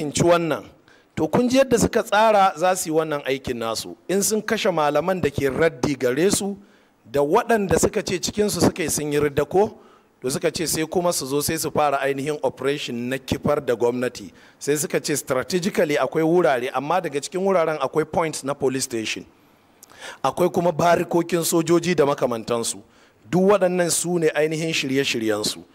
fahimci wannan to kun ji yadda suka tsara za su yi wannan aikin nasu in sun kashe malaman da ke raddi gare su da waɗanda suka ce cikinsu suka yi sun yi ko to suka ce sai kuma su zo sai su fara ainihin operation na kifar da gwamnati sai suka ce strategically akwai wurare amma daga cikin wuraren akwai points na police station akwai kuma barikokin sojoji da makamantansu duk waɗannan su ne ainihin shirye-shiryensu